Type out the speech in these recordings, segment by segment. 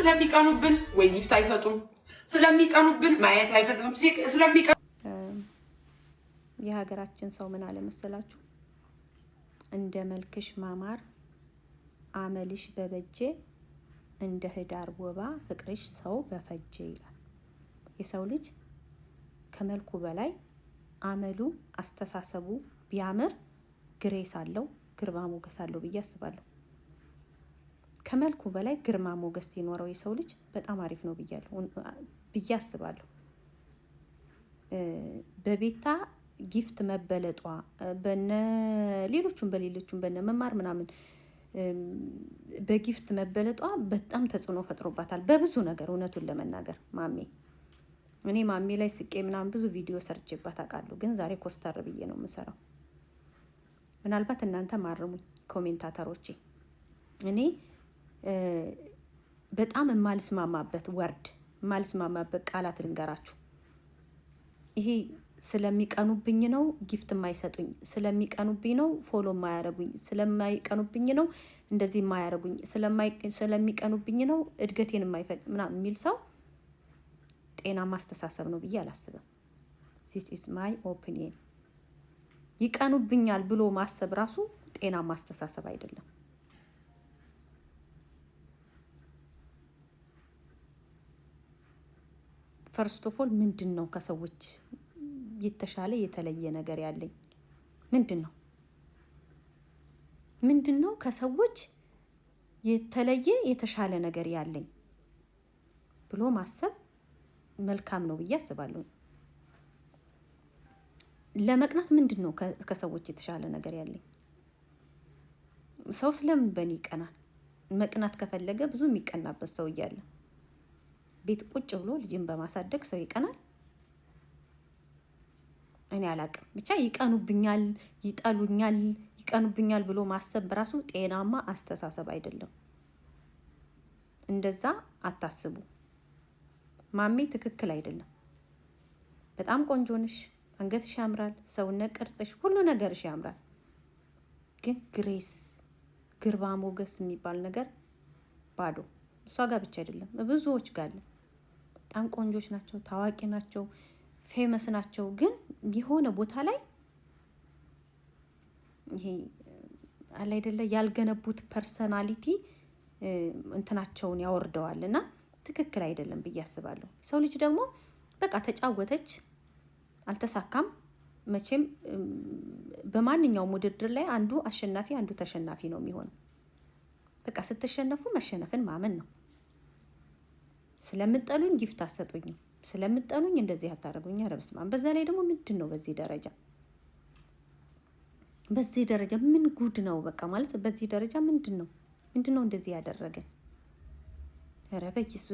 ስለሚቀኑብን ወይ ሊፍት አይሰጡም። ስለሚቀኑብን ማየት አይፈልግም። ስለሚቀ የሀገራችን ሰው ምን አለመሰላችሁ? እንደ መልክሽ ማማር አመልሽ በበጀ እንደ ህዳር ወባ ፍቅርሽ ሰው በፈጀ ይላል። የሰው ልጅ ከመልኩ በላይ አመሉ፣ አስተሳሰቡ ቢያምር ግሬስ አለው፣ ግርማ ሞገስ አለው ብዬ አስባለሁ። ከመልኩ በላይ ግርማ ሞገስ ሲኖረው የሰው ልጅ በጣም አሪፍ ነው ብያለሁ ብዬ አስባለሁ። በቤታ ጊፍት መበለጧ በነ ሌሎቹም በሌሎቹም በነ መማር ምናምን በጊፍት መበለጧ በጣም ተጽዕኖ ፈጥሮባታል በብዙ ነገር። እውነቱን ለመናገር ማሜ እኔ ማሜ ላይ ስቄ ምናምን ብዙ ቪዲዮ ሰርቼባት አውቃለሁ፣ ግን ዛሬ ኮስተር ብዬ ነው የምሰራው። ምናልባት እናንተ ማርሙኝ ኮሜንታተሮቼ እኔ በጣም የማልስማማበት ወርድ የማልስማማበት ቃላት ልንገራችሁ። ይሄ ስለሚቀኑብኝ ነው ጊፍት የማይሰጡኝ፣ ስለሚቀኑብኝ ነው ፎሎ የማያረጉኝ፣ ስለማይቀኑብኝ ነው እንደዚህ የማያረጉኝ፣ ስለሚቀኑብኝ ነው እድገቴን የማይፈል ምናምን የሚል ሰው ጤናማ አስተሳሰብ ነው ብዬ አላስብም። ዚስ ኢዝ ማይ ኦፒኒየን። ይቀኑብኛል ብሎ ማሰብ ራሱ ጤናማ አስተሳሰብ አይደለም። ፈርስት ኦፍ ኦል ምንድን ነው ከሰዎች የተሻለ የተለየ ነገር ያለኝ ምንድን ነው? ምንድን ነው ከሰዎች የተለየ የተሻለ ነገር ያለኝ ብሎ ማሰብ መልካም ነው ብዬ አስባለሁ። ለመቅናት ምንድን ነው ከሰዎች የተሻለ ነገር ያለኝ? ሰው ስለምን በእኔ ይቀናል? መቅናት ከፈለገ ብዙ የሚቀናበት ሰው እያለ ቤት ቁጭ ብሎ ልጅን በማሳደግ ሰው ይቀናል? እኔ አላቅም። ብቻ ይቀኑብኛል፣ ይጠሉኛል፣ ይቀኑብኛል ብሎ ማሰብ በራሱ ጤናማ አስተሳሰብ አይደለም። እንደዛ አታስቡ። ማሜ ትክክል አይደለም። በጣም ቆንጆ ነሽ፣ አንገትሽ ያምራል፣ ሰውነት ቅርጽሽ፣ ሁሉ ነገርሽ ያምራል። ግን ግሬስ ግርባ ሞገስ የሚባል ነገር ባዶ እሷ ጋር ብቻ አይደለም ብዙዎች ጋር አለ። በጣም ቆንጆች ናቸው፣ ታዋቂ ናቸው፣ ፌመስ ናቸው። ግን የሆነ ቦታ ላይ ይሄ አለ አይደለ ያልገነቡት ፐርሰናሊቲ እንትናቸውን ያወርደዋል እና ትክክል አይደለም ብዬ አስባለሁ። ሰው ልጅ ደግሞ በቃ ተጫወተች፣ አልተሳካም። መቼም በማንኛውም ውድድር ላይ አንዱ አሸናፊ አንዱ ተሸናፊ ነው የሚሆነው። በቃ ስትሸነፉ መሸነፍን ማመን ነው። ስለምጠሉኝ ጊፍት አሰጡኝ፣ ስለምጠሉኝ እንደዚህ አታደርጉኝ። ኧረ በስመ አብ! በዛ ላይ ደግሞ ምንድን ነው በዚህ ደረጃ በዚህ ደረጃ ምን ጉድ ነው? በቃ ማለት በዚህ ደረጃ ምንድን ነው ምንድን ነው እንደዚህ ያደረገን? ኧረ በኪሱ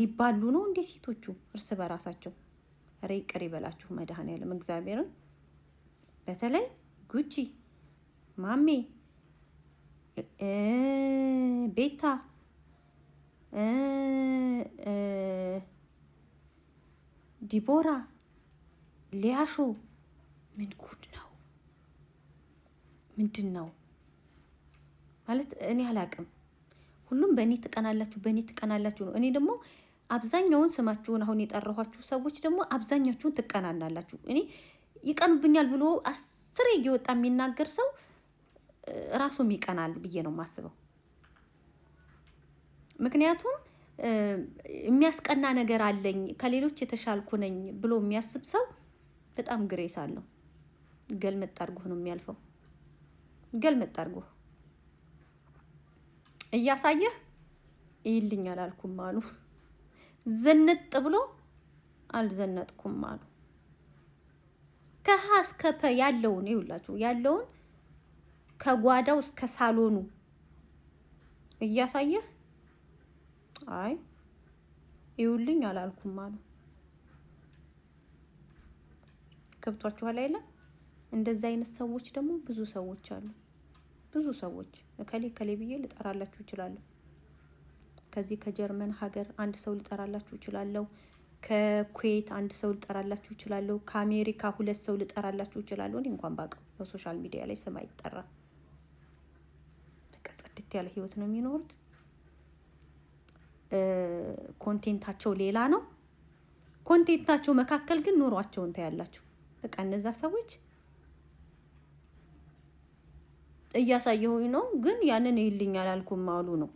ሊባሉ ነው እንዴ ሴቶቹ እርስ በራሳቸው? ኧረ ይቅር ይበላችሁ መድኃኔዓለም እግዚአብሔርን። በተለይ ጉቺ ማሜ ቤታ ዲቦራ ሊያሾ ምን ጉድ ነው? ምንድን ነው ማለት እኔ አላቅም። ሁሉም በእኔ ትቀናላችሁ፣ በእኔ ትቀናላችሁ ነው። እኔ ደግሞ አብዛኛውን ስማችሁን አሁን የጠራኋችሁ ሰዎች ደግሞ አብዛኛችሁን ትቀናናላችሁ። እኔ ይቀኑብኛል ብሎ አስር እየወጣ የሚናገር ሰው ራሱም ይቀናል ብዬ ነው የማስበው ምክንያቱም የሚያስቀና ነገር አለኝ ከሌሎች የተሻልኩ ነኝ ብሎ የሚያስብ ሰው በጣም ግሬስ አለው። ገልመጥ አድርጎ ነው የሚያልፈው። ገልመጥ አድርጎ እያሳየህ ይልኝ አላልኩም አሉ። ዝንጥ ብሎ አልዘነጥኩም አሉ። ከሀ እስከ ፐ ያለውን ይውላችሁ ያለውን ከጓዳው እስከ ሳሎኑ እያሳየህ አይ ይውልኝ አላልኩም አሉ። ገብቷችኋል አይደለም? እንደዛ አይነት ሰዎች ደግሞ ብዙ ሰዎች አሉ። ብዙ ሰዎች እከሌ እከሌ ብዬ ልጠራላችሁ እችላለሁ። ከዚህ ከጀርመን ሀገር አንድ ሰው ልጠራላችሁ እችላለሁ። ከኩዌት አንድ ሰው ልጠራላችሁ እችላለሁ። ከአሜሪካ ሁለት ሰው ልጠራላችሁ እችላለሁ። እኔ እንኳን ባውቅ በሶሻል ሚዲያ ላይ ስም አይጠራ። በቃ ጽድት ያለ ህይወት ነው የሚኖሩት። ኮንቴንታቸው ሌላ ነው። ኮንቴንታቸው መካከል ግን ኑሯቸውን ታያላችሁ። በቃ እነዛ ሰዎች እያሳየሁኝ ነው፣ ግን ያንን ይልኝ አላልኩም አሉ ነው።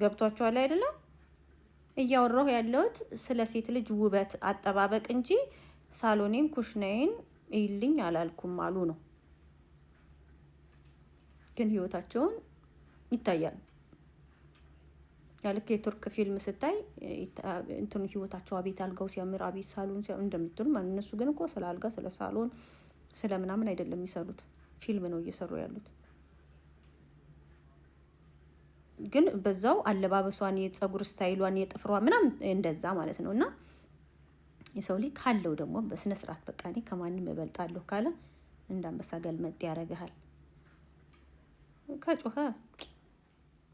ገብቷችኋል አይደለም? እያወራሁ ያለሁት ስለ ሴት ልጅ ውበት አጠባበቅ እንጂ ሳሎኔን ኩሽናዬን ይልኝ አላልኩም አሉ ነው። ግን ህይወታቸውን ይታያል። ልክ የቱርክ ፊልም ስታይ እንትኑ ህይወታቸው አቤት አልጋው ሲያምር አቤት ሳሎን ሲያምር እንደምትሉ ማለት እነሱ ግን እኮ ስለ አልጋ ስለ ሳሎን ስለ ምናምን አይደለም የሚሰሩት፣ ፊልም ነው እየሰሩ ያሉት። ግን በዛው አለባበሷን፣ የፀጉር ስታይሏን፣ የጥፍሯ ምናምን እንደዛ ማለት ነው እና የሰው ልጅ ካለው ደግሞ በስነ ስርዓት በቃ እኔ ከማንም እበልጣለሁ ካለ እንዳንበሳ ገልመጥ ያደርግሃል። ከጮኸ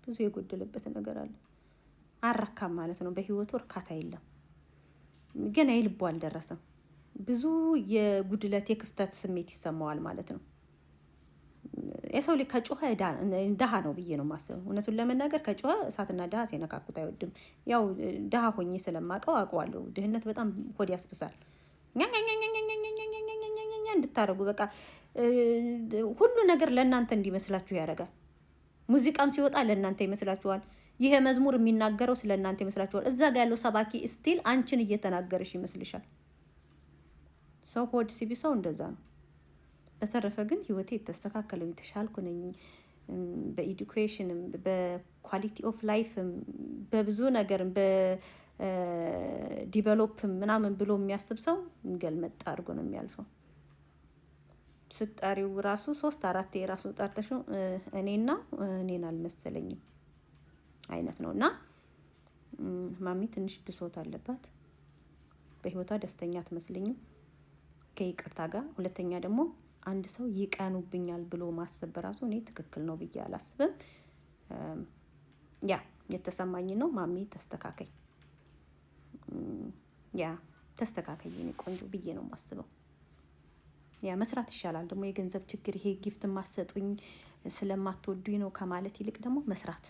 ብዙ የጎደለበት ነገር አለ። አረካም ማለት ነው። በህይወቱ እርካታ የለም። ገና የልቡ አልደረሰም። ብዙ የጉድለት የክፍተት ስሜት ይሰማዋል ማለት ነው። የሰው ልጅ ከጮኸ ድሃ ነው ብዬ ነው የማስበው። እውነቱን ለመናገር ከጮኸ እሳትና ድሃ ሲነካኩት አይወድም። ያው ድሃ ሆኜ ስለማቀው አውቀዋለሁ። ድህነት በጣም ሆድ ያስብሳል። እንድታደርጉ በቃ ሁሉ ነገር ለእናንተ እንዲመስላችሁ ያደርጋል። ሙዚቃም ሲወጣ ለእናንተ ይመስላችኋል። ይሄ መዝሙር የሚናገረው ስለ እናንተ ይመስላችኋል? እዛ ጋ ያለው ሰባኪ ስቲል አንቺን እየተናገረሽ ይመስልሻል? ሰው ሆድ ሲቢ ሰው እንደዛ ነው። በተረፈ ግን ህይወቴ የተስተካከለው የተሻልኩ ነኝ። በኢዱኬሽንም በኳሊቲ ኦፍ ላይፍም በብዙ ነገርም በዲቨሎፕም ምናምን ብሎ የሚያስብ ሰው ገልመጣ አድርጎ ነው የሚያልፈው። ስጠሪው ራሱ ሶስት አራት የራሱ ጠርተሽ እኔና እኔን አልመሰለኝም አይነት ነው እና ማሚ ትንሽ ብሶት አለባት። በህይወቷ ደስተኛ አትመስለኝም ከይቅርታ ጋር። ሁለተኛ ደግሞ አንድ ሰው ይቀኑብኛል ብሎ ማሰብ በራሱ እኔ ትክክል ነው ብዬ አላስብም። ያ የተሰማኝ ነው። ማሚ ተስተካከይ፣ ያ ተስተካከይ የኔ ቆንጆ ብዬ ነው ማስበው። ያ መስራት ይሻላል። ደግሞ የገንዘብ ችግር ይሄ ጊፍት ማሰጡኝ ስለማትወዱኝ ነው ከማለት ይልቅ ደግሞ መስራት